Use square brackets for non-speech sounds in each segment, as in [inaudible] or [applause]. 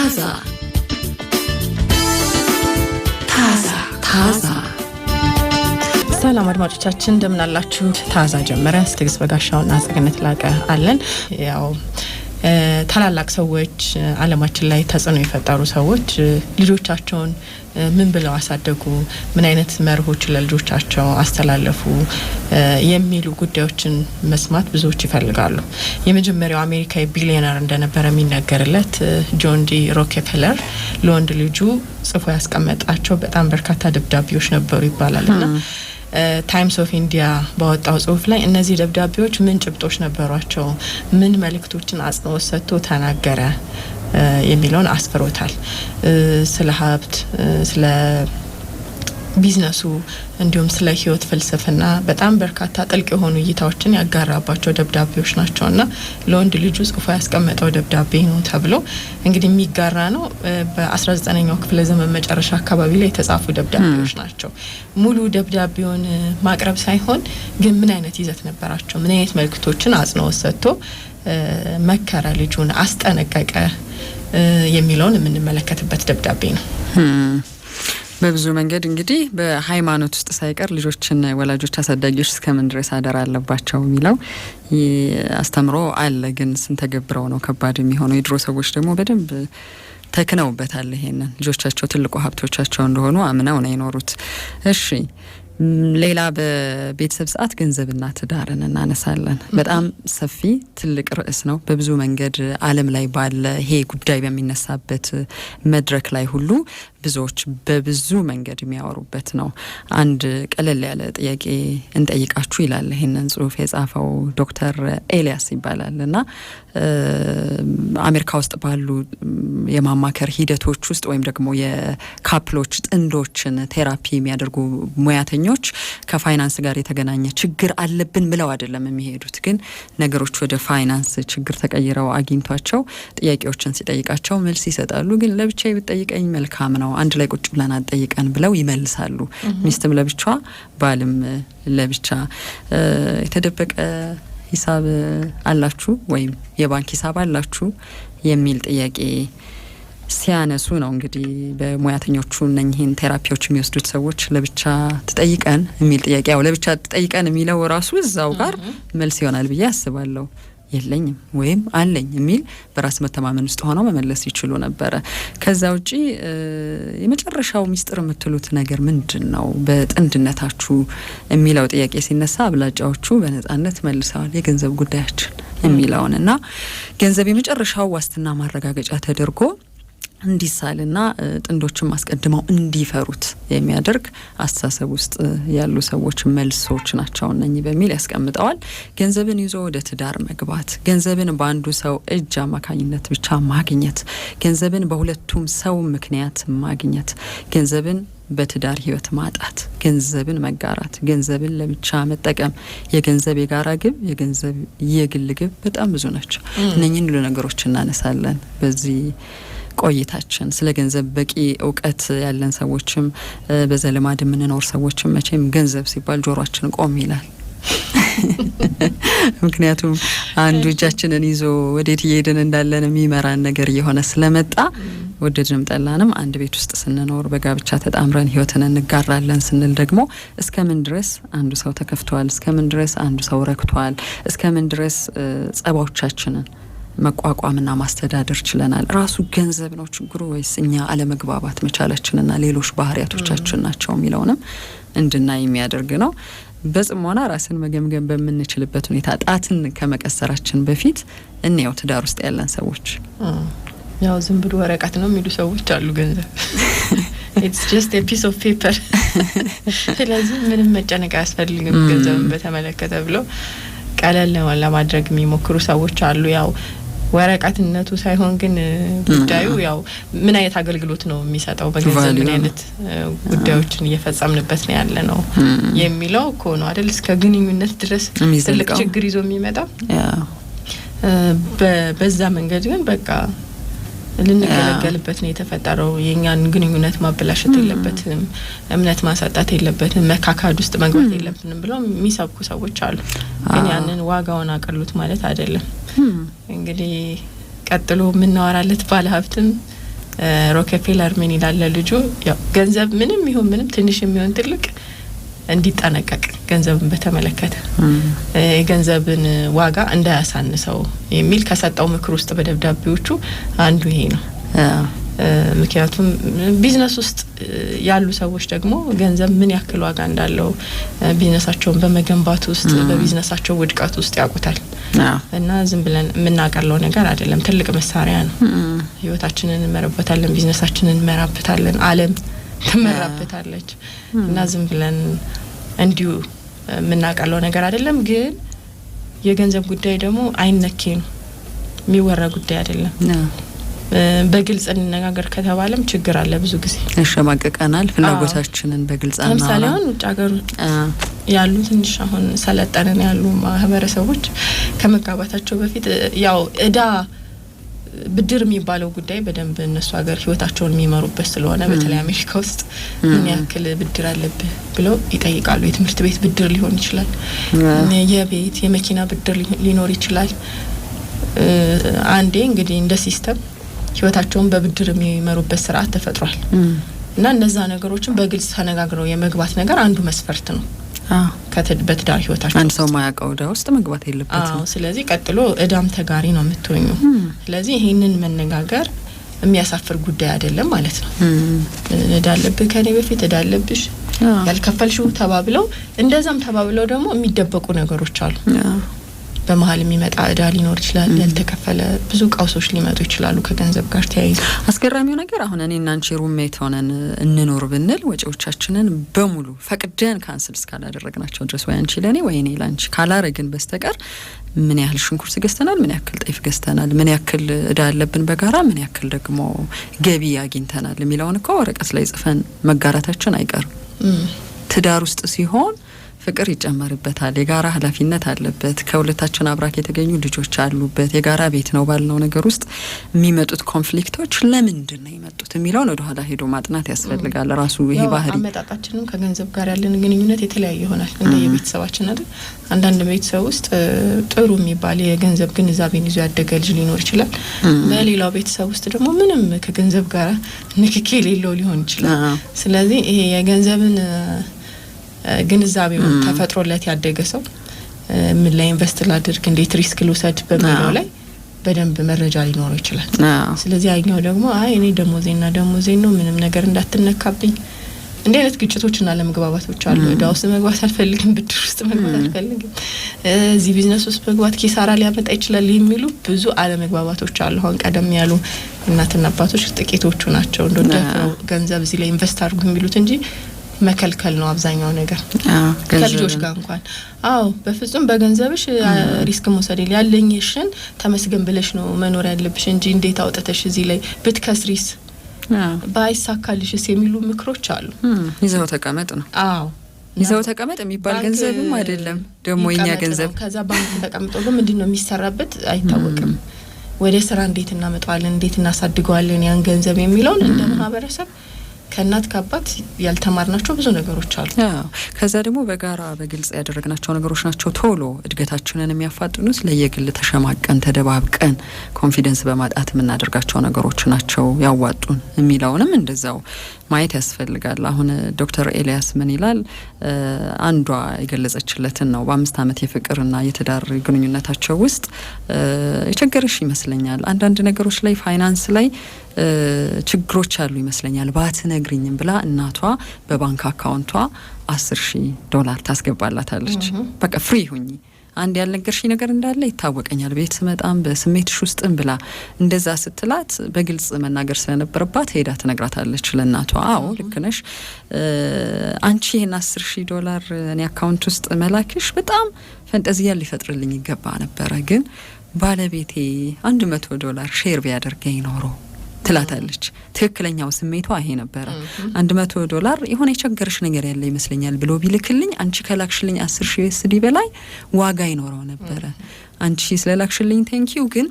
타사 타사 타사 ሰላም አድማጮቻችን እንደምን አላችሁ? ታዛ ጀመረ። ትዕግስት በጋሻውና ጸገነት ላቀ አለን ያው ታላላቅ ሰዎች አለማችን ላይ ተጽዕኖ የፈጠሩ ሰዎች ልጆቻቸውን ምን ብለው አሳደጉ፣ ምን አይነት መርሆች ለልጆቻቸው አስተላለፉ የሚሉ ጉዳዮችን መስማት ብዙዎች ይፈልጋሉ። የመጀመሪያው አሜሪካዊ ቢሊዮነር እንደነበረ የሚነገርለት ጆን ዲ ሮኬፌለር ለወንድ ልጁ ጽፎ ያስቀመጣቸው በጣም በርካታ ደብዳቤዎች ነበሩ ይባላል እና ታይምስ ኦፍ ኢንዲያ ባወጣው ጽሁፍ ላይ እነዚህ ደብዳቤዎች ምን ጭብጦች ነበሯቸው፣ ምን መልእክቶችን አጽንኦት ሰጥቶ ተናገረ የሚለውን አስፍሮታል። ስለ ሀብት፣ ስለ ቢዝነሱ እንዲሁም ስለ ህይወት ፍልስፍና በጣም በርካታ ጥልቅ የሆኑ እይታዎችን ያጋራባቸው ደብዳቤዎች ናቸው ና ለወንድ ልጁ ጽፎ ያስቀመጠው ደብዳቤ ነው ተብሎ እንግዲህ የሚጋራ ነው። በ19ኛው ክፍለ ዘመን መጨረሻ አካባቢ ላይ የተጻፉ ደብዳቤዎች ናቸው። ሙሉ ደብዳቤውን ማቅረብ ሳይሆን ግን ምን አይነት ይዘት ነበራቸው፣ ምን አይነት መልክቶችን አጽንኦት ሰጥቶ መከረ፣ ልጁን አስጠነቀቀ የሚለውን የምንመለከትበት ደብዳቤ ነው። በብዙ መንገድ እንግዲህ በሃይማኖት ውስጥ ሳይቀር ልጆችን ወላጆች፣ አሳዳጊዎች እስከምን ድረስ አደራ አለባቸው የሚለው አስተምሮ አለ። ግን ስንተገብረው ነው ከባድ የሚሆነው። የድሮ ሰዎች ደግሞ በደንብ ተክነውበታል። ይሄንን ልጆቻቸው ትልቁ ሀብቶቻቸው እንደሆኑ አምነው ነው የኖሩት። እሺ ሌላ በቤተሰብ ሰዓት ገንዘብና ትዳርን እናነሳለን። በጣም ሰፊ ትልቅ ርዕስ ነው። በብዙ መንገድ ዓለም ላይ ባለ ይሄ ጉዳይ በሚነሳበት መድረክ ላይ ሁሉ ብዙዎች በብዙ መንገድ የሚያወሩበት ነው። አንድ ቀለል ያለ ጥያቄ እንጠይቃችሁ ይላል ይህንን ጽሁፍ የጻፈው ዶክተር ኤልያስ ይባላል እና አሜሪካ ውስጥ ባሉ የማማከር ሂደቶች ውስጥ ወይም ደግሞ የካፕሎች ጥንዶችን ቴራፒ የሚያደርጉ ሙያተኞች ከፋይናንስ ጋር የተገናኘ ችግር አለብን ብለው አይደለም የሚሄዱት፣ ግን ነገሮች ወደ ፋይናንስ ችግር ተቀይረው አግኝቷቸው ጥያቄዎችን ሲጠይቃቸው መልስ ይሰጣሉ። ግን ለብቻ ብጠይቀኝ መልካም ነው ነው አንድ ላይ ቁጭ ብለን አጠይቀን ብለው ይመልሳሉ። ሚስትም ለብቻ ባልም ለብቻ የተደበቀ ሂሳብ አላችሁ ወይም የባንክ ሂሳብ አላችሁ የሚል ጥያቄ ሲያነሱ ነው እንግዲህ በሙያተኞቹ እነኚህን ቴራፒዎች የሚወስዱት ሰዎች ለብቻ ትጠይቀን የሚል ጥያቄ ያው ለብቻ ትጠይቀን የሚለው ራሱ እዛው ጋር መልስ ይሆናል ብዬ አስባለሁ። የለኝም ወይም አለኝ የሚል በራስ መተማመን ውስጥ ሆነው መመለስ ይችሉ ነበረ። ከዛ ውጪ የመጨረሻው ሚስጥር የምትሉት ነገር ምንድን ነው በጥንድነታችሁ የሚለው ጥያቄ ሲነሳ አብላጫዎቹ በነጻነት መልሰዋል የገንዘብ ጉዳያችን የሚለውን እና ገንዘብ የመጨረሻው ዋስትና ማረጋገጫ ተደርጎ እንዲሳልና ጥንዶችን አስቀድመው እንዲፈሩት የሚያደርግ አስተሳሰብ ውስጥ ያሉ ሰዎች መልሶች ናቸው እነኚህ በሚል ያስቀምጠዋል። ገንዘብን ይዞ ወደ ትዳር መግባት፣ ገንዘብን በአንዱ ሰው እጅ አማካኝነት ብቻ ማግኘት፣ ገንዘብን በሁለቱም ሰው ምክንያት ማግኘት፣ ገንዘብን በትዳር ህይወት ማጣት፣ ገንዘብን መጋራት፣ ገንዘብን ለብቻ መጠቀም፣ የገንዘብ የጋራ ግብ፣ የገንዘብ የግል ግብ በጣም ብዙ ናቸው። እነኚህን ሁሉ ነገሮች እናነሳለን በዚህ ቆይታችን ስለ ገንዘብ በቂ እውቀት ያለን ሰዎችም በዘልማድ የምንኖር ሰዎችም መቼም ገንዘብ ሲባል ጆሯችን ቆም ይላል። [laughs] ምክንያቱም አንዱ እጃችንን ይዞ ወዴት እየሄድን እንዳለን የሚመራን ነገር እየሆነ ስለመጣ ወደድንም ጠላንም አንድ ቤት ውስጥ ስንኖር በጋብቻ ተጣምረን ህይወትን እንጋራለን ስንል ደግሞ እስከምን ድረስ አንዱ ሰው ተከፍቷል፣ እስከምን ድረስ አንዱ ሰው ረክቷል፣ እስከምን ድረስ ጸባዎቻችንን መቋቋምና ማስተዳደር ችለናል። ራሱ ገንዘብ ነው ችግሩ ወይስ እኛ አለመግባባት መቻላችንና ሌሎች ባህሪያቶቻችን ናቸው የሚለውንም እንድናይ የሚያደርግ ነው። በጽሞና ራስን መገምገም በምንችልበት ሁኔታ ጣትን ከመቀሰራችን በፊት እንየው ትዳር ውስጥ ያለን ሰዎች። ያው ዝም ብሎ ወረቀት ነው የሚሉ ሰዎች አሉ። ገንዘብ ኢትስ ጀስት ኤ ፒስ ኦፍ ፔፐር፣ ስለዚህ ምንም መጨነቅ አያስፈልግም ገንዘብን በተመለከተ ብለው ቀለል ለማድረግ የሚሞክሩ ሰዎች አሉ ያው ወረቀትነቱ ሳይሆን ግን ጉዳዩ ያው ምን አይነት አገልግሎት ነው የሚሰጠው፣ በገንዘብ ምን አይነት ጉዳዮችን እየፈጸምንበት ነው ያለ ነው የሚለው እኮ ነው አይደል? እስከ ግንኙነት ድረስ ትልቅ ችግር ይዞ የሚመጣው በዛ መንገድ ግን በቃ ልንገለገልበት ነው የተፈጠረው። የእኛን ግንኙነት ማበላሸት የለበትም፣ እምነት ማሳጣት የለበትም፣ መካካድ ውስጥ መግባት የለብንም ብለው የሚሰብኩ ሰዎች አሉ። ግን ያንን ዋጋውን አቀሉት ማለት አይደለም። እንግዲህ ቀጥሎ የምናወራለት ባለሀብትም ሮኬፌለር ምን ይላል? ልጁ ያው ገንዘብ ምንም ይሁን ምንም ትንሽ የሚሆን ትልቅ እንዲጠነቀቅ ገንዘብን በተመለከተ የገንዘብን ዋጋ እንዳያሳንሰው የሚል ከሰጠው ምክር ውስጥ በደብዳቤዎቹ አንዱ ይሄ ነው። ምክንያቱም ቢዝነስ ውስጥ ያሉ ሰዎች ደግሞ ገንዘብ ምን ያክል ዋጋ እንዳለው ቢዝነሳቸውን በመገንባት ውስጥ በቢዝነሳቸው ውድቀት ውስጥ ያውቁታል እና ዝም ብለን የምናቀለው ነገር አይደለም። ትልቅ መሳሪያ ነው። ህይወታችንን እንመርበታለን፣ ቢዝነሳችንን እንመራበታለን። አለም? ትመራበታለች እና ዝም ብለን እንዲሁ የምናቃለው ነገር አይደለም። ግን የገንዘብ ጉዳይ ደግሞ አይነኬ ነው፣ የሚወራ ጉዳይ አይደለም። በግልጽ እንነጋገር ከተባለም ችግር አለ። ብዙ ጊዜ ያሸማቅቀናል። ፍላጎታችንን በግልጽ ለምሳሌ አሁን ውጭ ሀገር ያሉ ትንሽ አሁን ሰለጠንን ያሉ ማህበረሰቦች ከመጋባታቸው በፊት ያው እዳ ብድር የሚባለው ጉዳይ በደንብ እነሱ ሀገር ህይወታቸውን የሚመሩበት ስለሆነ በተለይ አሜሪካ ውስጥ ምን ያክል ብድር አለብህ ብለው ይጠይቃሉ። የትምህርት ቤት ብድር ሊሆን ይችላል፣ የቤት የመኪና ብድር ሊኖር ይችላል። አንዴ እንግዲህ እንደ ሲስተም ህይወታቸውን በብድር የሚመሩበት ስርዓት ተፈጥሯል እና እነዛ ነገሮችን በግልጽ ተነጋግረው የመግባት ነገር አንዱ መስፈርት ነው። በትዳር ህይወታቸው አንድ ሰው ማያውቀው እዳ ውስጥ መግባት የለበትም። ስለዚህ ቀጥሎ እዳም ተጋሪ ነው የምትሆኙ። ስለዚህ ይህንን መነጋገር የሚያሳፍር ጉዳይ አይደለም ማለት ነው። እዳ አለብህ ከኔ በፊት እዳ አለብሽ ያልከፈልሽው ተባብለው እንደዛም ተባብለው ደግሞ የሚደበቁ ነገሮች አሉ። በመሀል የሚመጣ እዳ ሊኖር ይችላል። ያልተከፈለ ብዙ ቀውሶች ሊመጡ ይችላሉ ከገንዘብ ጋር ተያይዘ። አስገራሚው ነገር አሁን እኔ እናንቺ ሩሜት ሆነን እንኖር ብንል ወጪዎቻችንን በሙሉ ፈቅደን ካንስል እስካላደረግናቸው ድረስ ወይ አንቺ ለእኔ ወይ እኔ ለአንቺ ካላረግን በስተቀር ምን ያህል ሽንኩርት ገዝተናል፣ ምን ያክል ጤፍ ገዝተናል፣ ምን ያክል እዳ ያለብን በጋራ ምን ያክል ደግሞ ገቢ አግኝተናል የሚለውን እኮ ወረቀት ላይ ጽፈን መጋራታችን አይቀርም። ትዳር ውስጥ ሲሆን ፍቅር ይጨመርበታል። የጋራ ኃላፊነት አለበት። ከሁለታችን አብራክ የተገኙ ልጆች አሉበት። የጋራ ቤት ነው ባልነው ነገር ውስጥ የሚመጡት ኮንፍሊክቶች ለምንድን ነው የመጡት የሚለውን ወደኋላ ሄዶ ማጥናት ያስፈልጋል። ራሱ ይሄ ባህሪ አመጣጣችንም ከገንዘብ ጋር ያለን ግንኙነት የተለያየ ይሆናል እንደ የቤተሰባችን አይደል። አንዳንድ ቤተሰብ ውስጥ ጥሩ የሚባል የገንዘብ ግንዛቤን ይዞ ያደገ ልጅ ሊኖር ይችላል። በሌላው ቤተሰብ ውስጥ ደግሞ ምንም ከገንዘብ ጋር ንክኪ የሌለው ሊሆን ይችላል። ስለዚህ ይሄ የገንዘብን ግንዛቤውን ተፈጥሮለት ያደገ ሰው ምን ላይ ኢንቨስት ላድርግ፣ እንዴት ሪስክ ልውሰድ በሚለው ላይ በደንብ መረጃ ሊኖረው ይችላል። ስለዚህ ያኛው ደግሞ አይ እኔ ደሞዜና ደሞዜ ነው ምንም ነገር እንዳትነካብኝ እንዲህ አይነት ግጭቶችና ለመግባባቶች አሉ። እዳ ውስጥ መግባት አልፈልግም፣ ብድር ውስጥ መግባት አልፈልግም፣ እዚህ ቢዝነስ ውስጥ መግባት ኪሳራ ሊያመጣ ይችላል የሚሉ ብዙ አለመግባባቶች አሉ። አሁን ቀደም ያሉ እናትና አባቶች ጥቂቶቹ ናቸው እንደ ገንዘብ እዚህ ላይ ኢንቨስት አድርጉ የሚሉት እንጂ መከልከል ነው አብዛኛው ነገር ከልጆች ጋር እንኳን። አዎ በፍጹም በገንዘብሽ ሪስክ መውሰድ የለ ያለኝሽን ተመስገን ብለሽ ነው መኖር ያለብሽ እንጂ እንዴት አውጥተሽ እዚህ ላይ ብትከስሪስ ባይሳካልሽስ የሚሉ ምክሮች አሉ። ይዘው ተቀመጥ ነው። አዎ ይዘው ተቀመጥ የሚባል ገንዘብም አይደለም ደግሞ የኛ ገንዘብ። ከዛ ባንክ ተቀምጦ ግን ምንድን ነው የሚሰራበት አይታወቅም። ወደ ስራ እንዴት እናመጣዋለን፣ እንዴት እናሳድገዋለን ያን ገንዘብ የሚለውን እንደ ማህበረሰብ ከእናት ከአባት ያልተማርናቸው ብዙ ነገሮች አሉ። ከዛ ደግሞ በጋራ በግልጽ ያደረግናቸው ነገሮች ናቸው ቶሎ እድገታችንን የሚያፋጥኑት። ለየግል ተሸማቀን ተደባብቀን ኮንፊደንስ በማጣት የምናደርጋቸው ነገሮች ናቸው ያዋጡን የሚለውንም እንደዛው ማየት ያስፈልጋል። አሁን ዶክተር ኤልያስ ምን ይላል? አንዷ የገለጸችለትን ነው። በአምስት ዓመት የፍቅርና የትዳር ግንኙነታቸው ውስጥ የቸገረሽ ይመስለኛል አንዳንድ ነገሮች ላይ ፋይናንስ ላይ ችግሮች አሉ ይመስለኛል ባትነግሪኝም ብላ እናቷ በባንክ አካውንቷ አስር ሺ ዶላር ታስገባላታለች። በቃ ፍሪ ሁኝ አንድ ያልነገርሽ ነገር እንዳለ ይታወቀኛል፣ ቤት ስመጣም በስሜትሽ ውስጥም ብላ እንደዛ ስትላት በግልጽ መናገር ስለነበረባት ሄዳ ትነግራታለች ለእናቷ። አዎ ልክ ነሽ አንቺ ይህን አስር ሺህ ዶላር እኔ አካውንት ውስጥ መላክሽ በጣም ፈንጠዚያ ሊፈጥርልኝ ይገባ ነበረ፣ ግን ባለቤቴ አንድ መቶ ዶላር ሼር ቢያደርገኝ ኖሮ ትላታለች። ትክክለኛው ስሜቷ ይሄ ነበረ። አንድ መቶ ዶላር የሆነ የቸገርሽ ነገር ያለ ይመስለኛል ብሎ ቢልክልኝ አንቺ ከላክሽልኝ አስር ሺ ዩኤስዲ በላይ ዋጋ ይኖረው ነበረ። አንቺ ስለላክሽልኝ ቴንኪው ግን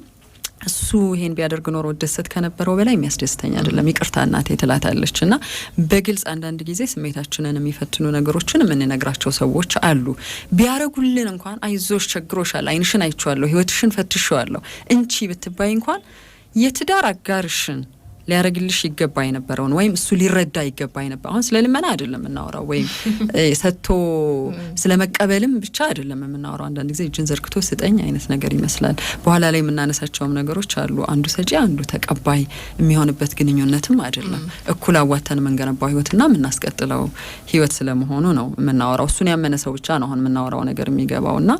እሱ ይሄን ቢያደርግ ኖሮ ደሰት ከነበረው በላይ የሚያስደስተኝ አይደለም፣ ይቅርታ እናቴ ትላታለች። እና በግልጽ አንዳንድ ጊዜ ስሜታችንን የሚፈትኑ ነገሮችን የምንነግራቸው ሰዎች አሉ። ቢያረጉልን እንኳን አይዞሽ፣ ቸግሮሻል፣ አይንሽን አይቼዋለሁ፣ ህይወትሽን ፈትሸዋለሁ፣ እንቺ ብትባይ እንኳን የትዳር አጋርሽን ሊያደርግልሽ ይገባ የነበረውን ወይም እሱ ሊረዳ ይገባ የነበረ አሁን ስለ ልመና አይደለም የምናወራው፣ ወይም [laughs] ሰጥቶ ስለ መቀበልም ብቻ አይደለም የምናወራው። አንዳንድ ጊዜ እጅን ዘርግቶ ስጠኝ አይነት ነገር ይመስላል። በኋላ ላይ የምናነሳቸውም ነገሮች አሉ። አንዱ ሰጪ አንዱ ተቀባይ የሚሆንበት ግንኙነትም አይደለም። እኩል አዋተን የምንገነባው ህይወትና የምናስቀጥለው ህይወት ስለመሆኑ ነው የምናወራው። እሱን ያመነ ሰው ብቻ ነው አሁን የምናወራው ነገር የሚገባው እና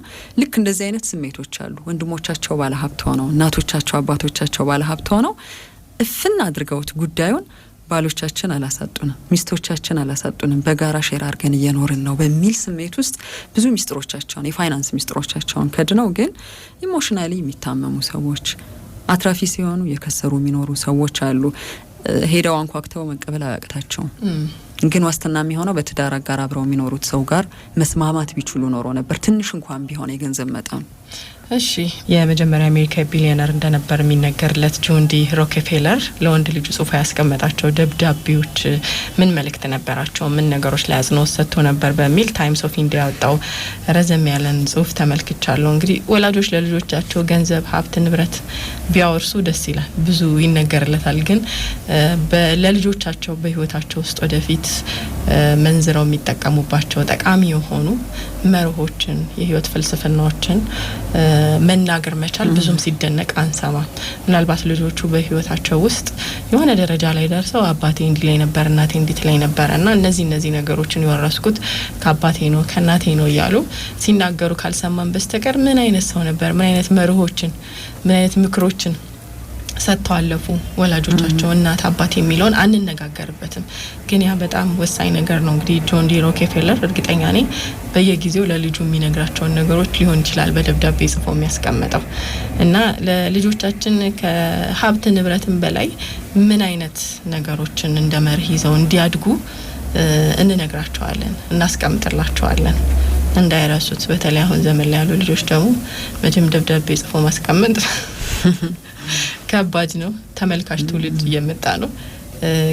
ልክ እንደዚህ አይነት ስሜቶች አሉ። ወንድሞቻቸው ባለሀብት ሆነው እናቶቻቸው አባቶቻቸው ባለሀብት ሆነው እፍን አድርገውት ጉዳዩን ባሎቻችን አላሳጡንም፣ ሚስቶቻችን አላሳጡንም፣ በጋራ ሼር አድርገን እየኖርን ነው በሚል ስሜት ውስጥ ብዙ ሚስጥሮቻቸውን የፋይናንስ ሚስጥሮቻቸውን ከድነው ግን ኢሞሽናሊ የሚታመሙ ሰዎች አትራፊ ሲሆኑ የከሰሩ የሚኖሩ ሰዎች አሉ። ሄደው አንኳክተው መቀበል አያቅታቸውም። ግን ዋስትና የሚሆነው በትዳር አጋር አብረው የሚኖሩት ሰው ጋር መስማማት ቢችሉ ኖሮ ነበር፣ ትንሽ እንኳን ቢሆን የገንዘብ መጠኑ እሺ የመጀመሪያ አሜሪካ ቢሊዮነር እንደነበር የሚነገርለት ጆንዲ ሮኬፌለር ለወንድ ልጁ ጽሁፎ ያስቀመጣቸው ደብዳቤዎች ምን መልእክት ነበራቸው? ምን ነገሮች ላይ አጽንኦት ሰጥቶ ነበር? በሚል ታይምስ ኦፍ ኢንዲያ ያወጣው ረዘም ያለን ጽሁፍ ተመልክቻለሁ። እንግዲህ ወላጆች ለልጆቻቸው ገንዘብ፣ ሀብት፣ ንብረት ቢያወርሱ ደስ ይላል። ብዙ ይነገርለታል። ግን ለልጆቻቸው በህይወታቸው ውስጥ ወደፊት መንዝረው የሚጠቀሙባቸው ጠቃሚ የሆኑ መርሆችን የህይወት ፍልስፍናዎችን መናገር መቻል ብዙም ሲደነቅ አንሰማ። ምናልባት ልጆቹ በህይወታቸው ውስጥ የሆነ ደረጃ ላይ ደርሰው አባቴ እንዲ ላይ ነበር፣ እናቴ እንዲት ላይ ነበረ እና እነዚህ እነዚህ ነገሮችን የወረስኩት ከአባቴ ነው ከእናቴ ነው እያሉ ሲናገሩ ካልሰማን በስተቀር ምን አይነት ሰው ነበር፣ ምን አይነት መርሆችን፣ ምን አይነት ምክሮችን ሰጥተው አለፉ ወላጆቻቸው እናት አባት የሚለውን አንነጋገርበትም። ግን ያ በጣም ወሳኝ ነገር ነው። እንግዲህ ጆን ዲ ሮኬፌለር እርግጠኛ ነኝ በየጊዜው ለልጁ የሚነግራቸውን ነገሮች ሊሆን ይችላል በደብዳቤ ጽፎ የሚያስቀምጠው እና ለልጆቻችን ከሀብት ንብረትን በላይ ምን አይነት ነገሮችን እንደ መርህ ይዘው እንዲያድጉ እንነግራቸዋለን፣ እናስቀምጥላቸዋለን እንዳይረሱት። በተለይ አሁን ዘመን ላይ ያሉ ልጆች ደግሞ መቼም ደብዳቤ ጽፎ ማስቀመጥ [laughs] ከባድ ነው። ተመልካች ትውልድ እየመጣ ነው።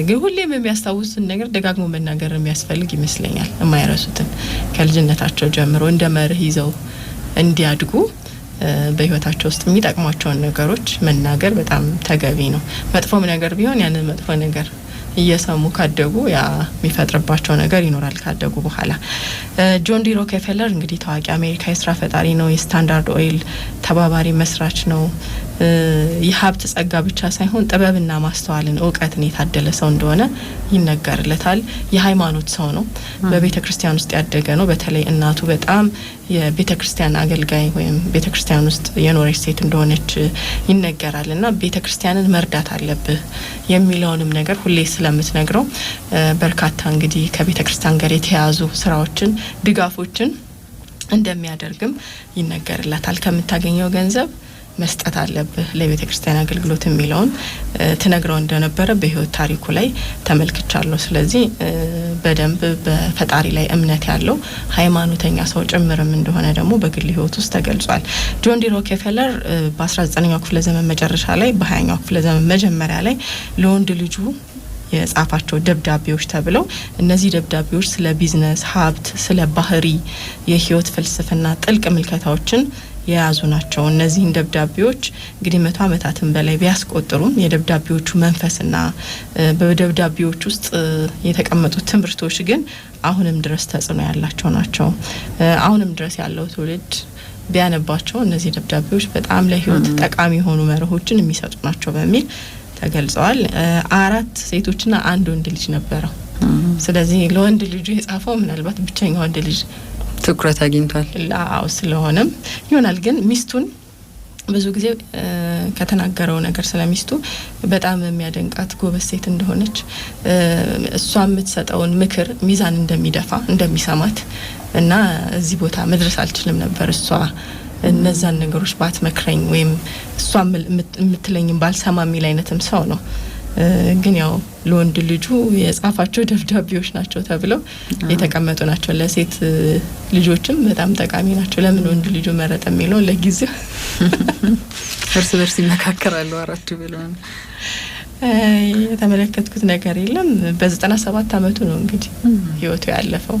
ግን ሁሌም የሚያስታውሱትን ነገር ደጋግሞ መናገር የሚያስፈልግ ይመስለኛል። የማይረሱትን ከልጅነታቸው ጀምሮ እንደ መርህ ይዘው እንዲያድጉ በህይወታቸው ውስጥ የሚጠቅሟቸውን ነገሮች መናገር በጣም ተገቢ ነው። መጥፎም ነገር ቢሆን ያንን መጥፎ ነገር እየሰሙ ካደጉ ያ የሚፈጥርባቸው ነገር ይኖራል። ካደጉ በኋላ ጆን ዲ ሮኬፌለር እንግዲህ ታዋቂ አሜሪካ የስራ ፈጣሪ ነው። የስታንዳርድ ኦይል ተባባሪ መስራች ነው። የሀብት ጸጋ ብቻ ሳይሆን ጥበብና ማስተዋልን እውቀትን የታደለ ሰው እንደሆነ ይነገርለታል። የሃይማኖት ሰው ነው። በቤተ ክርስቲያን ውስጥ ያደገ ነው። በተለይ እናቱ በጣም የቤተ ክርስቲያን አገልጋይ ወይም ቤተ ክርስቲያን ውስጥ የኖረች ሴት እንደሆነች ይነገራል እና ቤተ ክርስቲያንን መርዳት አለብህ የሚለውንም ነገር ሁሌ ስለምትነግረው በርካታ እንግዲህ ከቤተ ክርስቲያን ጋር የተያያዙ ስራዎችን፣ ድጋፎችን እንደሚያደርግም ይነገርለታል ከምታገኘው ገንዘብ መስጠት አለብህ ለቤተ ክርስቲያን አገልግሎት የሚለውን ትነግረው እንደነበረ በህይወት ታሪኩ ላይ ተመልክቻለሁ። ስለዚህ በደንብ በፈጣሪ ላይ እምነት ያለው ሃይማኖተኛ ሰው ጭምርም እንደሆነ ደግሞ በግል ህይወት ውስጥ ተገልጿል። ጆን ዲ ሮኬፌለር በ19ኛው ክፍለ ዘመን መጨረሻ ላይ በ20ኛው ክፍለ ዘመን መጀመሪያ ላይ ለወንድ ልጁ የጻፋቸው ደብዳቤዎች ተብለው እነዚህ ደብዳቤዎች ስለ ቢዝነስ፣ ሀብት፣ ስለ ባህሪ፣ የህይወት ፍልስፍና ጥልቅ ምልከታዎችን የያዙ ናቸው። እነዚህን ደብዳቤዎች እንግዲህ መቶ ዓመታትን በላይ ቢያስቆጥሩም የደብዳቤዎቹ መንፈስና በደብዳቤዎች ውስጥ የተቀመጡት ትምህርቶች ግን አሁንም ድረስ ተጽዕኖ ያላቸው ናቸው። አሁንም ድረስ ያለው ትውልድ ቢያነባቸው እነዚህ ደብዳቤዎች በጣም ለሕይወት ጠቃሚ የሆኑ መርሆችን የሚሰጡ ናቸው በሚል ተገልጸዋል። አራት ሴቶችና አንድ ወንድ ልጅ ነበረው። ስለዚህ ለወንድ ልጁ የጻፈው ምናልባት ብቸኛ ወንድ ልጅ ትኩረት አግኝቷል። አዎ ስለሆነም ይሆናል ግን ሚስቱን ብዙ ጊዜ ከተናገረው ነገር ስለሚስቱ በጣም የሚያደንቃት ጎበዝ ሴት እንደሆነች እሷ የምትሰጠውን ምክር ሚዛን እንደሚደፋ እንደሚሰማት እና እዚህ ቦታ መድረስ አልችልም ነበር እሷ እነዛን ነገሮች ባትመክረኝ ወይም እሷ የምትለኝም ባልሰማ የሚል አይነትም ሰው ነው። ግን ያው ለወንድ ልጁ የጻፋቸው ደብዳቤዎች ናቸው ተብለው የተቀመጡ ናቸው። ለሴት ልጆችም በጣም ጠቃሚ ናቸው። ለምን ወንድ ልጁ መረጠ የሚለውን ለጊዜው [laughs] እርስ በርስ ይመካከራሉ አራቱ ብለን የተመለከትኩት ነገር የለም። በዘጠና ሰባት አመቱ ነው እንግዲህ ህይወቱ ያለፈው።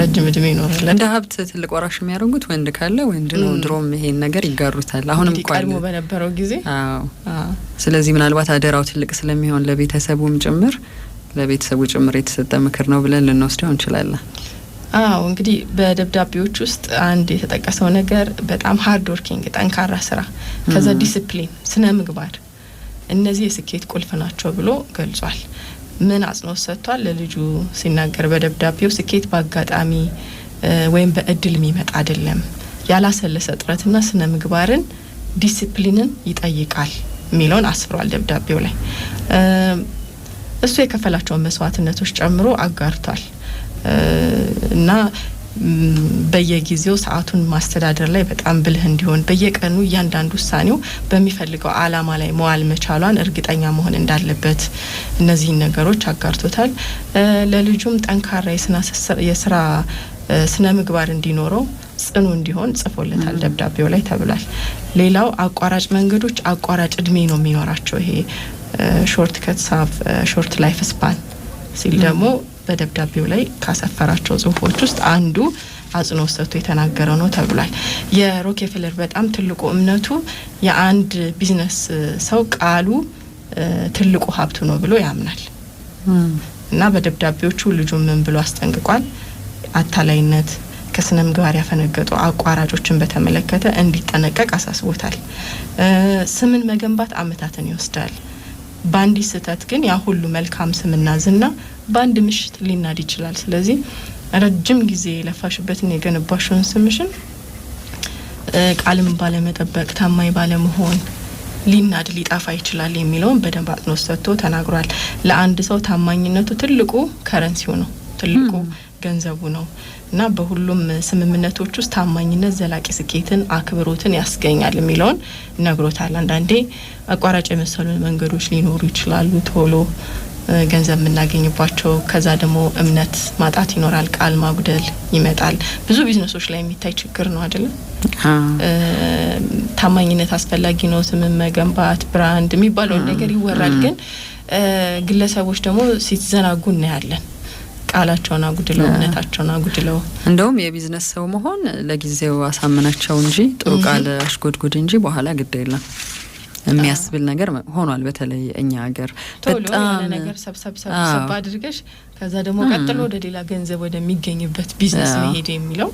ረጅም እድሜ ይኖራል። እንደ ሀብት ትልቅ ወራሽ የሚያደርጉት ወንድ ካለ ወንድ ነው። ድሮም ይሄን ነገር ይጋሩታል። አሁንም ቀድሞ በነበረው ጊዜ አዎ። ስለዚህ ምናልባት አደራው ትልቅ ስለሚሆን ለቤተሰቡም ጭምር ለቤተሰቡ ጭምር የተሰጠ ምክር ነው ብለን ልንወስደው እንችላለን። አዎ እንግዲህ በደብዳቤዎች ውስጥ አንድ የተጠቀሰው ነገር በጣም ሀርድ ወርኪንግ ጠንካራ ስራ፣ ከዛ ዲስፕሊን፣ ስነ ምግባር እነዚህ የስኬት ቁልፍ ናቸው ብሎ ገልጿል። ምን አጽንኦት ሰጥቷል ለልጁ ሲናገር በደብዳቤው ስኬት በአጋጣሚ ወይም በእድል የሚመጣ አይደለም፣ ያላሰለሰ ጥረትና ስነ ምግባርን ዲሲፕሊንን ይጠይቃል የሚለውን አስፍሯል ደብዳቤው ላይ። እሱ የከፈላቸውን መስዋዕትነቶች ጨምሮ አጋርቷል እና በየጊዜው ሰዓቱን ማስተዳደር ላይ በጣም ብልህ እንዲሆን በየቀኑ እያንዳንዱ ውሳኔው በሚፈልገው ዓላማ ላይ መዋል መቻሏን እርግጠኛ መሆን እንዳለበት እነዚህን ነገሮች አጋርቶታል። ለልጁም ጠንካራ የስራ ስነ ምግባር እንዲኖረው ጽኑ እንዲሆን ጽፎለታል ደብዳቤው ላይ ተብሏል። ሌላው አቋራጭ መንገዶች አቋራጭ እድሜ ነው የሚኖራቸው። ይሄ ሾርት ከት ሾርት ላይፍ ስፓን ሲል ደግሞ በደብዳቤው ላይ ካሰፈራቸው ጽሁፎች ውስጥ አንዱ አጽንኦት ሰጥቶ የተናገረው ነው ተብሏል። የሮኬፌለር በጣም ትልቁ እምነቱ የአንድ ቢዝነስ ሰው ቃሉ ትልቁ ሀብቱ ነው ብሎ ያምናል እና በደብዳቤዎቹ ልጁ ምን ብሎ አስጠንቅቋል? አታላይነት፣ ከስነ ምግባር ያፈነገጡ አቋራጮችን በተመለከተ እንዲጠነቀቅ አሳስቦታል። ስምን መገንባት አመታትን ይወስዳል። በአንዲት ስህተት ግን ያ ሁሉ መልካም ስምና ዝና በአንድ ምሽት ሊናድ ይችላል። ስለዚህ ረጅም ጊዜ የለፋሽበትን የገነባሽውን ስምሽን ቃልም ባለመጠበቅ ታማኝ ባለመሆን ሊናድ ሊጠፋ ይችላል የሚለውን በደንብ አጽንኦት ሰጥቶ ተናግሯል። ለአንድ ሰው ታማኝነቱ ትልቁ ከረንሲው ነው፣ ትልቁ ገንዘቡ ነው እና በሁሉም ስምምነቶች ውስጥ ታማኝነት ዘላቂ ስኬትን፣ አክብሮትን ያስገኛል የሚለውን ነግሮታል። አንዳንዴ አቋራጭ የመሰሉ መንገዶች ሊኖሩ ይችላሉ ቶሎ ገንዘብ የምናገኝባቸው ከዛ ደግሞ እምነት ማጣት ይኖራል። ቃል ማጉደል ይመጣል። ብዙ ቢዝነሶች ላይ የሚታይ ችግር ነው አይደለም? ታማኝነት አስፈላጊ ነው። ስምን መገንባት፣ ብራንድ የሚባለውን ነገር ይወራል። ግን ግለሰቦች ደግሞ ሲዘናጉ እናያለን። ቃላቸውን አጉድለው እምነታቸውን አጉድለው እንደውም የቢዝነስ ሰው መሆን ለጊዜው አሳምናቸው እንጂ ጥሩ ቃል አሽጎድጉድ እንጂ በኋላ ግድ የለም። የሚያስብል ነገር ሆኗል። በተለይ እኛ ሀገር በጣም ነገር ሰብሰብ ሰብሰብ አድርገሽ ከዛ ደግሞ ቀጥሎ ወደ ሌላ ገንዘብ ወደሚገኝበት ቢዝነስ መሄድ የሚለው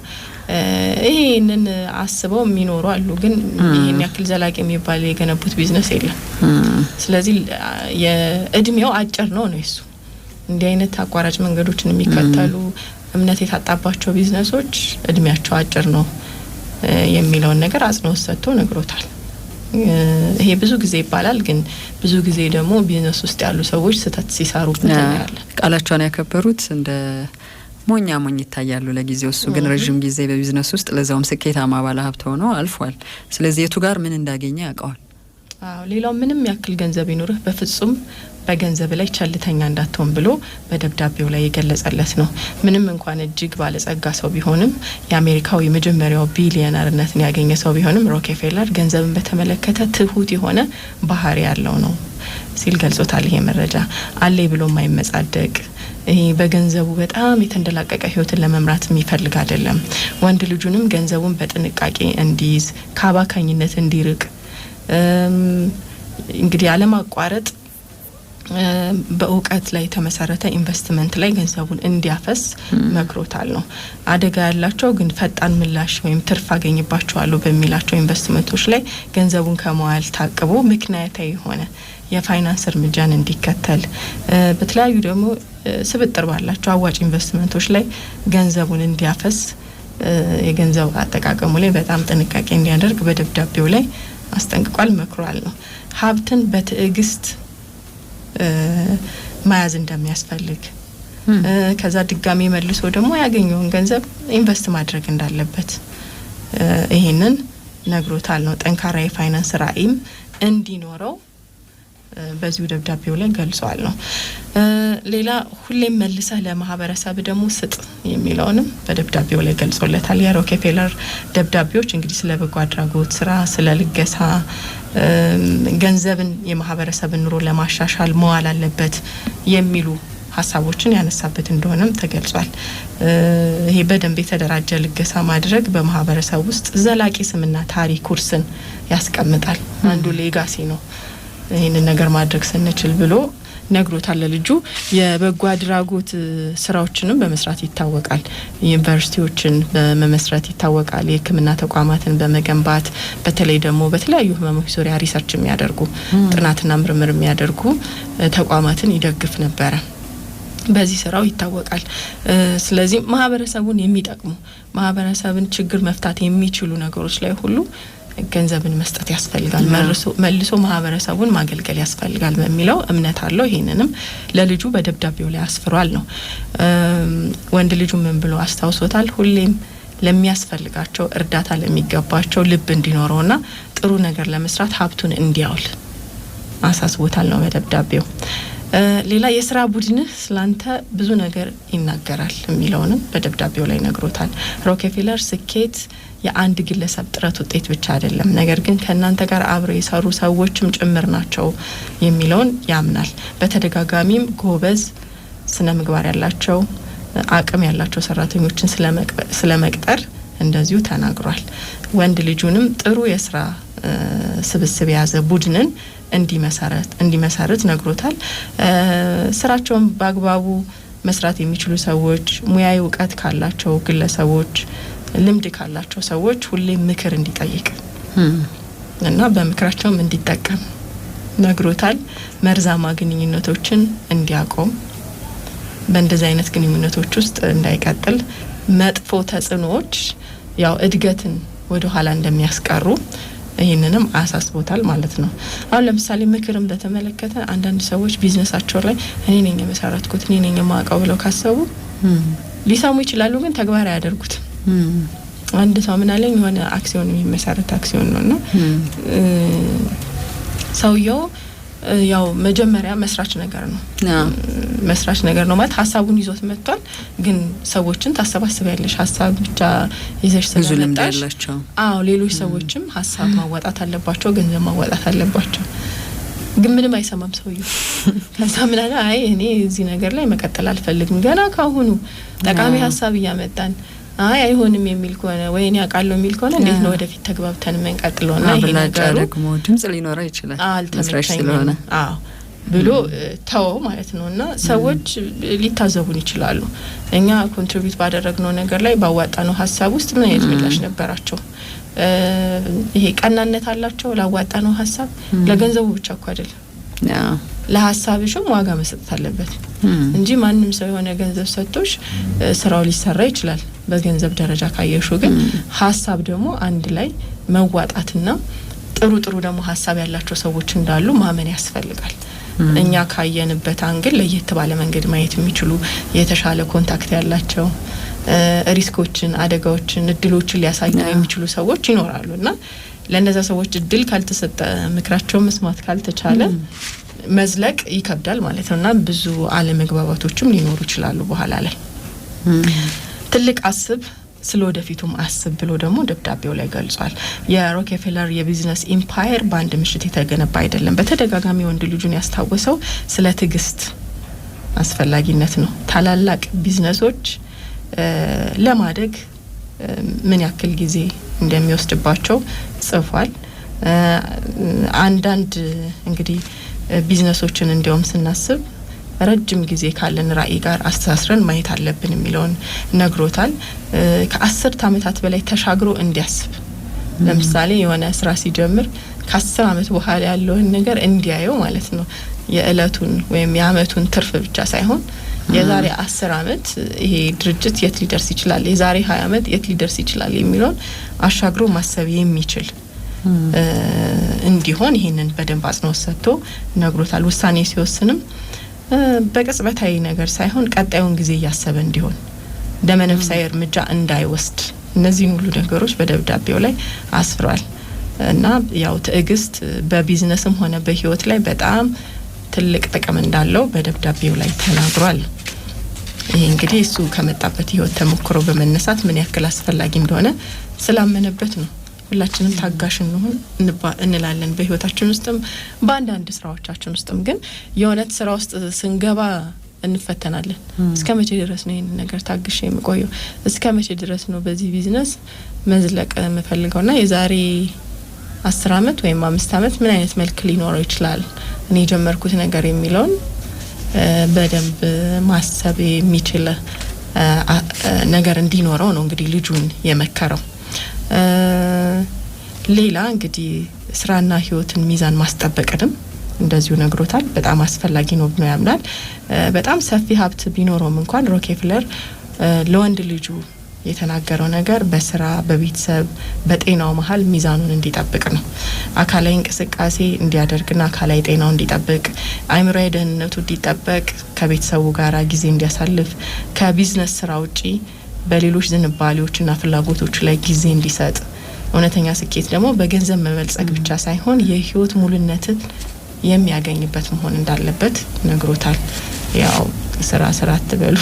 ይሄንን አስበው የሚኖሩ አሉ። ግን ይህን ያክል ዘላቂ የሚባል የገነቡት ቢዝነስ የለም። ስለዚህ የእድሜው አጭር ነው ነው እሱ እንዲህ አይነት አቋራጭ መንገዶችን የሚከተሉ እምነት የታጣባቸው ቢዝነሶች እድሜያቸው አጭር ነው የሚለውን ነገር አጽንኦት ሰጥቶ ነግሮታል። ይሄ ብዙ ጊዜ ይባላል፣ ግን ብዙ ጊዜ ደግሞ ቢዝነስ ውስጥ ያሉ ሰዎች ስህተት ሲሰሩ እናያለን። ቃላቸውን ያከበሩት እንደ ሞኛ ሞኝ ይታያሉ ለጊዜው። እሱ ግን ረዥም ጊዜ በቢዝነስ ውስጥ ለዛውም ስኬታማ ባለ ሀብት ሆኖ አልፏል። ስለዚህ የቱ ጋር ምን እንዳገኘ ያውቀዋል። አዎ ሌላው ምንም ያክል ገንዘብ ይኑርህ፣ በፍጹም በገንዘብ ላይ ቸልተኛ እንዳትሆን ብሎ በደብዳቤው ላይ የገለጸለት ነው። ምንም እንኳን እጅግ ባለጸጋ ሰው ቢሆንም የአሜሪካው የመጀመሪያው ቢሊዮነርነትን ያገኘ ሰው ቢሆንም ሮኬፌለር ገንዘብን በተመለከተ ትሁት የሆነ ባህሪ ያለው ነው ሲል ገልጾታል። ይሄ መረጃ አለ ብሎ የማይመጻደቅ ይሄ በገንዘቡ በጣም የተንደላቀቀ ህይወትን ለመምራት የሚፈልግ አይደለም። ወንድ ልጁንም ገንዘቡን በጥንቃቄ እንዲይዝ ከአባካኝነት እንዲርቅ እንግዲህ አለማቋረጥ በእውቀት ላይ የተመሰረተ ኢንቨስትመንት ላይ ገንዘቡን እንዲያፈስ መክሮታል ነው። አደጋ ያላቸው ግን ፈጣን ምላሽ ወይም ትርፍ አገኝባቸዋሉ በሚላቸው ኢንቨስትመንቶች ላይ ገንዘቡን ከመዋል ታቅቦ ምክንያታዊ የሆነ የፋይናንስ እርምጃን እንዲከተል በተለያዩ ደግሞ ስብጥር ባላቸው አዋጭ ኢንቨስትመንቶች ላይ ገንዘቡን እንዲያፈስ የገንዘብ አጠቃቀሙ ላይ በጣም ጥንቃቄ እንዲያደርግ በደብዳቤው ላይ አስጠንቅቋል፣ መክሯል ነው ሀብትን በትዕግስት መያዝ እንደሚያስፈልግ ከዛ ድጋሚ መልሶ ደግሞ ያገኘውን ገንዘብ ኢንቨስት ማድረግ እንዳለበት ይህንን ነግሮታል ነው ጠንካራ የፋይናንስ ራዕይም እንዲኖረው በዚሁ ደብዳቤው ላይ ገልጿል ነው። ሌላ ሁሌም መልሰህ ለማህበረሰብ ደግሞ ስጥ የሚለውንም በደብዳቤው ላይ ገልጾለታል። የሮኬፌለር ደብዳቤዎች እንግዲህ ስለ በጎ አድራጎት ስራ፣ ስለ ልገሳ፣ ገንዘብን የማህበረሰብን ኑሮ ለማሻሻል መዋል አለበት የሚሉ ሀሳቦችን ያነሳበት እንደሆነም ተገልጿል። ይሄ በደንብ የተደራጀ ልገሳ ማድረግ በማህበረሰብ ውስጥ ዘላቂ ስምና ታሪክ ውርስን ያስቀምጣል። አንዱ ሌጋሲ ነው። ይህንን ነገር ማድረግ ስንችል ብሎ ነግሮታል ለልጁ። የበጎ አድራጎት ስራዎችንም በመስራት ይታወቃል። ዩኒቨርሲቲዎችን በመመስረት ይታወቃል። የሕክምና ተቋማትን በመገንባት በተለይ ደግሞ በተለያዩ ህመሞች ዙሪያ ሪሰርች የሚያደርጉ ጥናትና ምርምር የሚያደርጉ ተቋማትን ይደግፍ ነበረ። በዚህ ስራው ይታወቃል። ስለዚህ ማህበረሰቡን የሚጠቅሙ ማህበረሰብን ችግር መፍታት የሚችሉ ነገሮች ላይ ሁሉ ገንዘብን መስጠት ያስፈልጋል፣ መልሶ ማህበረሰቡን ማገልገል ያስፈልጋል በሚለው እምነት አለው። ይህንንም ለልጁ በደብዳቤው ላይ አስፍሯል ነው። ወንድ ልጁ ምን ብሎ አስታውሶታል? ሁሌም ለሚያስፈልጋቸው እርዳታ ለሚገባቸው ልብ እንዲኖረውና ጥሩ ነገር ለመስራት ሀብቱን እንዲያውል አሳስቦታል ነው በደብዳቤው። ሌላ የስራ ቡድንህ ስላንተ ብዙ ነገር ይናገራል የሚለውንም በደብዳቤው ላይ ነግሮታል። ሮኬፌለር ስኬት የአንድ ግለሰብ ጥረት ውጤት ብቻ አይደለም፣ ነገር ግን ከእናንተ ጋር አብረው የሰሩ ሰዎችም ጭምር ናቸው የሚለውን ያምናል። በተደጋጋሚም ጎበዝ፣ ስነ ምግባር ያላቸው አቅም ያላቸው ሰራተኞችን ስለመቅጠር እንደዚሁ ተናግሯል። ወንድ ልጁንም ጥሩ የስራ ስብስብ የያዘ ቡድንን እንዲመሰረት ነግሮታል። ስራቸውን በአግባቡ መስራት የሚችሉ ሰዎች፣ ሙያዊ እውቀት ካላቸው ግለሰቦች ልምድ ካላቸው ሰዎች ሁሌም ምክር እንዲጠይቅ እና በምክራቸውም እንዲጠቀም ነግሮታል። መርዛማ ግንኙነቶችን እንዲያቆም በእንደዚህ አይነት ግንኙነቶች ውስጥ እንዳይቀጥል መጥፎ ተጽዕኖዎች ያው እድገትን ወደ ኋላ እንደሚያስቀሩ ይህንንም አሳስቦታል ማለት ነው። አሁን ለምሳሌ ምክርን በተመለከተ አንዳንድ ሰዎች ቢዝነሳቸው ላይ እኔ ነኝ የመሰረትኩት እኔ ነኝ የማውቀው ብለው ካሰቡ ሊሰሙ ይችላሉ፣ ግን ተግባር አያደርጉትም። አንድ ሰው ምን አለኝ፣ የሆነ አክሲዮን የሚመሰረት አክሲዮን ነው እና ሰውየው ያው መጀመሪያ መስራች ነገር ነው መስራች ነገር ነው ማለት ሀሳቡን ይዞት መጥቷል። ግን ሰዎችን ያለሽ ሀሳብ ብቻ ይዘሽ ስለመጣሽ፣ አዎ ሌሎች ሰዎችም ሀሳብ ማዋጣት አለባቸው፣ ገንዘብ ማዋጣት አለባቸው። ግን ምንም አይሰማም ሰውየው። [laughs] ከዛ ምን አለ፣ አይ እኔ እዚህ ነገር ላይ መቀጠል አልፈልግም። ገና ካሁኑ ጠቃሚ ሀሳብ እያመጣን አይ አይሆንም የሚል ከሆነ ወይ እኔ አውቃለሁ የሚል ከሆነ እንዴት ነው ወደፊት ተግባብተን የምንቀጥለው? ና ይሄ ነገሩ ደግሞ ድምጽ ሊኖረው ይችላል ስለሆነ አዎ ብሎ ተወው ማለት ነው። እና ሰዎች ሊታዘቡን ይችላሉ። እኛ ኮንትሪቢዩት ባደረግነው ነገር ላይ ባዋጣነው ሀሳብ ውስጥ ምን አይነት ምላሽ ነበራቸው? ይሄ ቀናነት አላቸው? ላዋጣነው ሀሳብ ለገንዘቡ ብቻ እኮ አይደለም ለሀሳብሽም ዋጋ መሰጠት አለበት እንጂ ማንም ሰው የሆነ ገንዘብ ሰጥቶሽ ስራው ሊሰራ ይችላል በገንዘብ ደረጃ ካየሹ ግን ሀሳብ ደግሞ አንድ ላይ መዋጣትና ጥሩ ጥሩ ደግሞ ሀሳብ ያላቸው ሰዎች እንዳሉ ማመን ያስፈልጋል። እኛ ካየንበት አንግል ለየት ባለ መንገድ ማየት የሚችሉ የተሻለ ኮንታክት ያላቸው ሪስኮችን፣ አደጋዎችን፣ እድሎችን ሊያሳዩ የሚችሉ ሰዎች ይኖራሉ እና ለእነዚ ሰዎች እድል ካልተሰጠ ምክራቸው መስማት ካልተቻለ መዝለቅ ይከብዳል ማለት ነው እና ብዙ አለመግባባቶችም ሊኖሩ ይችላሉ በኋላ ላይ ትልቅ አስብ ስለ ወደፊቱም አስብ ብሎ ደግሞ ደብዳቤው ላይ ገልጿል። የሮኬፌለር የቢዝነስ ኢምፓየር በአንድ ምሽት የተገነባ አይደለም። በተደጋጋሚ ወንድ ልጁን ያስታወሰው ስለ ትዕግስት አስፈላጊነት ነው። ታላላቅ ቢዝነሶች ለማደግ ምን ያክል ጊዜ እንደሚወስድባቸው ጽፏል። አንዳንድ እንግዲህ ቢዝነሶችን እንዲያውም ስናስብ ረጅም ጊዜ ካለን ራዕይ ጋር አስተሳስረን ማየት አለብን የሚለውን ነግሮታል። ከአስርት ዓመታት በላይ ተሻግሮ እንዲያስብ ለምሳሌ የሆነ ስራ ሲጀምር ከአስር ዓመት በኋላ ያለውን ነገር እንዲያየው ማለት ነው። የእለቱን ወይም የአመቱን ትርፍ ብቻ ሳይሆን የዛሬ አስር አመት ይሄ ድርጅት የት ሊደርስ ይችላል፣ የዛሬ ሀያ አመት የት ሊደርስ ይችላል የሚለውን አሻግሮ ማሰብ የሚችል እንዲሆን ይህንን በደንብ አጽንኦት ሰጥቶ ነግሮታል። ውሳኔ ሲወስንም በቅጽበታዊ ነገር ሳይሆን ቀጣዩን ጊዜ እያሰበ እንዲሆን ደመነፍሳዊ እርምጃ እንዳይወስድ እነዚህን ሁሉ ነገሮች በደብዳቤው ላይ አስፍሯል እና ያው ትዕግስት በቢዝነስም ሆነ በህይወት ላይ በጣም ትልቅ ጥቅም እንዳለው በደብዳቤው ላይ ተናግሯል። ይህ እንግዲህ እሱ ከመጣበት ህይወት ተሞክሮ በመነሳት ምን ያክል አስፈላጊ እንደሆነ ስላመነበት ነው። ሁላችንም ታጋሽ እንሆን እንላለን። በህይወታችን ውስጥም በአንዳንድ ስራዎቻችን ውስጥም ግን የእውነት ስራ ውስጥ ስንገባ እንፈተናለን። እስከ መቼ ድረስ ነው ይህንን ነገር ታግሽ የምቆየው? እስከ መቼ ድረስ ነው በዚህ ቢዝነስ መዝለቅ የምፈልገው? ና የዛሬ አስር አመት ወይም አምስት አመት ምን አይነት መልክ ሊኖረው ይችላል እኔ የጀመርኩት ነገር የሚለውን በደንብ ማሰብ የሚችል ነገር እንዲኖረው ነው እንግዲህ ልጁን የመከረው። ሌላ እንግዲህ ስራና ህይወትን ሚዛን ማስጠበቅንም እንደዚሁ ነግሮታል። በጣም አስፈላጊ ነው ብሎ ያምናል። በጣም ሰፊ ሀብት ቢኖረውም እንኳን ሮኬፍለር ለወንድ ልጁ የተናገረው ነገር በስራ በቤተሰብ በጤናው መሀል ሚዛኑን እንዲጠብቅ ነው። አካላዊ እንቅስቃሴ እንዲያደርግና አካላዊ ጤናው እንዲጠብቅ፣ አእምሯዊ ደህንነቱ እንዲጠበቅ፣ ከቤተሰቡ ጋር ጊዜ እንዲያሳልፍ ከቢዝነስ ስራ ውጪ በሌሎች ዝንባሌዎችና ፍላጎቶች ላይ ጊዜ እንዲሰጥ እውነተኛ ስኬት ደግሞ በገንዘብ መበልጸግ ብቻ ሳይሆን የህይወት ሙሉነትን የሚያገኝበት መሆን እንዳለበት ነግሮታል። ያው ስራ ስራ አትበሉ፣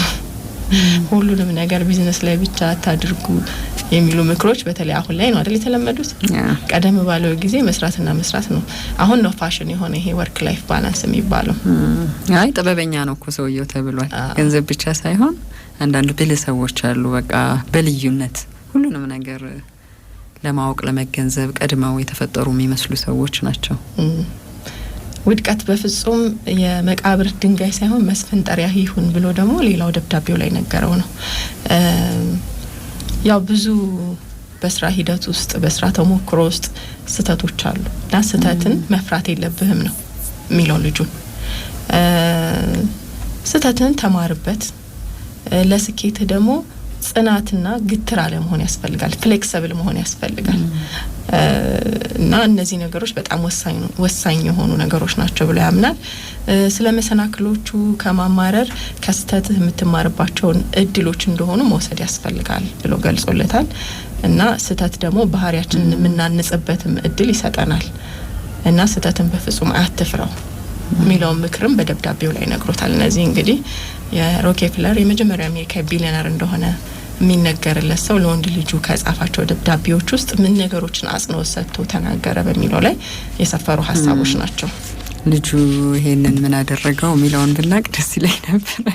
ሁሉንም ነገር ቢዝነስ ላይ ብቻ አታድርጉ የሚሉ ምክሮች በተለይ አሁን ላይ ነው አይደል የተለመዱት። ቀደም ባለው ጊዜ መስራትና መስራት ነው። አሁን ነው ፋሽን የሆነ ይሄ ወርክ ላይፍ ባላንስ የሚባለው። አይ ጥበበኛ ነው እኮ ሰውየው ተብሏል። ገንዘብ ብቻ ሳይሆን አንዳንድ ሰዎች አሉ። በቃ በልዩነት ሁሉንም ነገር ለማወቅ ለመገንዘብ ቀድመው የተፈጠሩ የሚመስሉ ሰዎች ናቸው። ውድቀት በፍጹም የመቃብር ድንጋይ ሳይሆን መስፈንጠሪያ ይሁን ብሎ ደግሞ ሌላው ደብዳቤው ላይ ነገረው ነው። ያው ብዙ በስራ ሂደት ውስጥ በስራ ተሞክሮ ውስጥ ስህተቶች አሉ እና ስህተትን መፍራት የለብህም ነው የሚለው ልጁን። ስህተትን ተማርበት ለስኬት ደግሞ ጽናትና ግትር አለመሆን ያስፈልጋል። ፍሌክሰብል መሆን ያስፈልጋል እና እነዚህ ነገሮች በጣም ወሳኝ የሆኑ ነገሮች ናቸው ብሎ ያምናል። ስለ መሰናክሎቹ ከማማረር ከስተት የምትማርባቸውን እድሎች እንደሆኑ መውሰድ ያስፈልጋል ብሎ ገልጾለታል እና ስህተት ደግሞ ባህሪያችንን የምናንጽበትም እድል ይሰጠናል እና ስህተትን በፍጹም አያትፍረው የሚለውን ምክርም በደብዳቤው ላይ ነግሮታል። እነዚህ እንግዲህ የሮኬፍለር የመጀመሪያ አሜሪካ ቢሊዮነር እንደሆነ የሚነገርለት ሰው ለወንድ ልጁ ከጻፋቸው ደብዳቤዎች ውስጥ ምን ነገሮችን አጽንኦት ሰጥቶ ተናገረ በሚለው ላይ የሰፈሩ ሀሳቦች ናቸው። ልጁ ይሄንን ምን አደረገው የሚለውን ብናቅ ደስ ይለኝ ነበረ።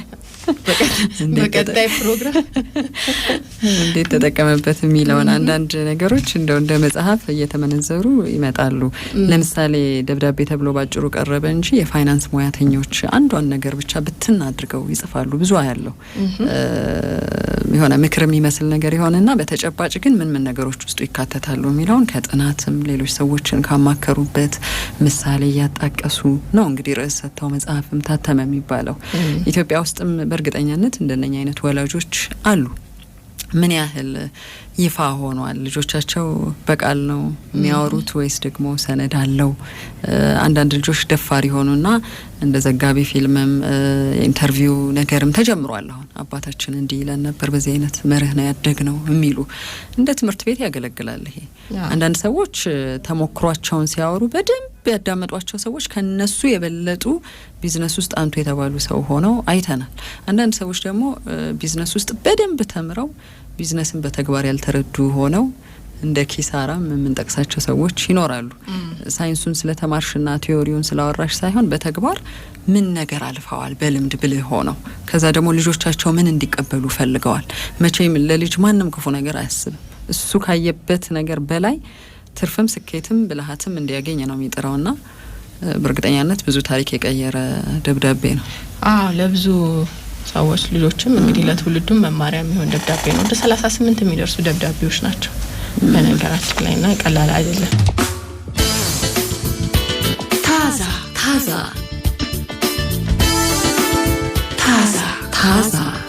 በቀጣይ ፕሮግራም እንዴት ተጠቀመበት የሚለውን አንዳንድ ነገሮች እንደው እንደ መጽሐፍ እየተመነዘሩ ይመጣሉ። ለምሳሌ ደብዳቤ ተብሎ ባጭሩ ቀረበ እንጂ የፋይናንስ ሙያተኞች አንዷን ነገር ብቻ ብትን አድርገው ይጽፋሉ። ብዙ ያለው የሆነ ምክር የሚመስል ነገር ይሆንና በተጨባጭ ግን ምን ምን ነገሮች ውስጡ ይካተታሉ የሚለውን ከጥናትም ሌሎች ሰዎችን ካማከሩበት ምሳሌ እያጣቀሱ ነው እንግዲህ ርዕስ ሰጥተው መጽሐፍም ታተመ የሚባለው ኢትዮጵያ ውስጥም በእርግጠ በእርግጠኛነት እንደነኛ አይነት ወላጆች አሉ። ምን ያህል ይፋ ሆኗል? ልጆቻቸው በቃል ነው የሚያወሩት ወይስ ደግሞ ሰነድ አለው? አንዳንድ ልጆች ደፋር የሆኑና እንደ ዘጋቢ ፊልምም ኢንተርቪው ነገርም ተጀምሯል። አሁን አባታችን እንዲህ ይለን ነበር፣ በዚህ አይነት መርህ ነው ያደግ ነው የሚሉ እንደ ትምህርት ቤት ያገለግላል። ይሄ አንዳንድ ሰዎች ተሞክሯቸውን ሲያወሩ በደንብ ያዳመጧቸው ሰዎች ከነሱ የበለጡ ቢዝነስ ውስጥ አንቱ የተባሉ ሰው ሆነው አይተናል። አንዳንድ ሰዎች ደግሞ ቢዝነስ ውስጥ በደንብ ተምረው ቢዝነስን በተግባር ያልተረዱ ሆነው እንደ ኪሳራም የምንጠቅሳቸው ሰዎች ይኖራሉ። ሳይንሱን ስለተማርሽና ቴዎሪውን ስላወራሽ ሳይሆን በተግባር ምን ነገር አልፈዋል በልምድ ብልህ ሆነው ከዛ ደግሞ ልጆቻቸው ምን እንዲቀበሉ ፈልገዋል። መቼም ለልጅ ማንም ክፉ ነገር አያስብም። እሱ ካየበት ነገር በላይ ትርፍም ስኬትም ብልሀትም እንዲያገኝ ነው ና በእርግጠኛነት ብዙ ታሪክ የቀየረ ደብዳቤ ነው። አዎ ለብዙ ሰዎች ልጆችም እንግዲህ ለትውልዱም መማሪያ የሚሆን ደብዳቤ ነው። ወደ ሰላሳ ስምንት የሚደርሱ ደብዳቤዎች ናቸው በነገራችን ላይ ና ቀላል አይደለም። ታዛ ታዛ ታዛ ታዛ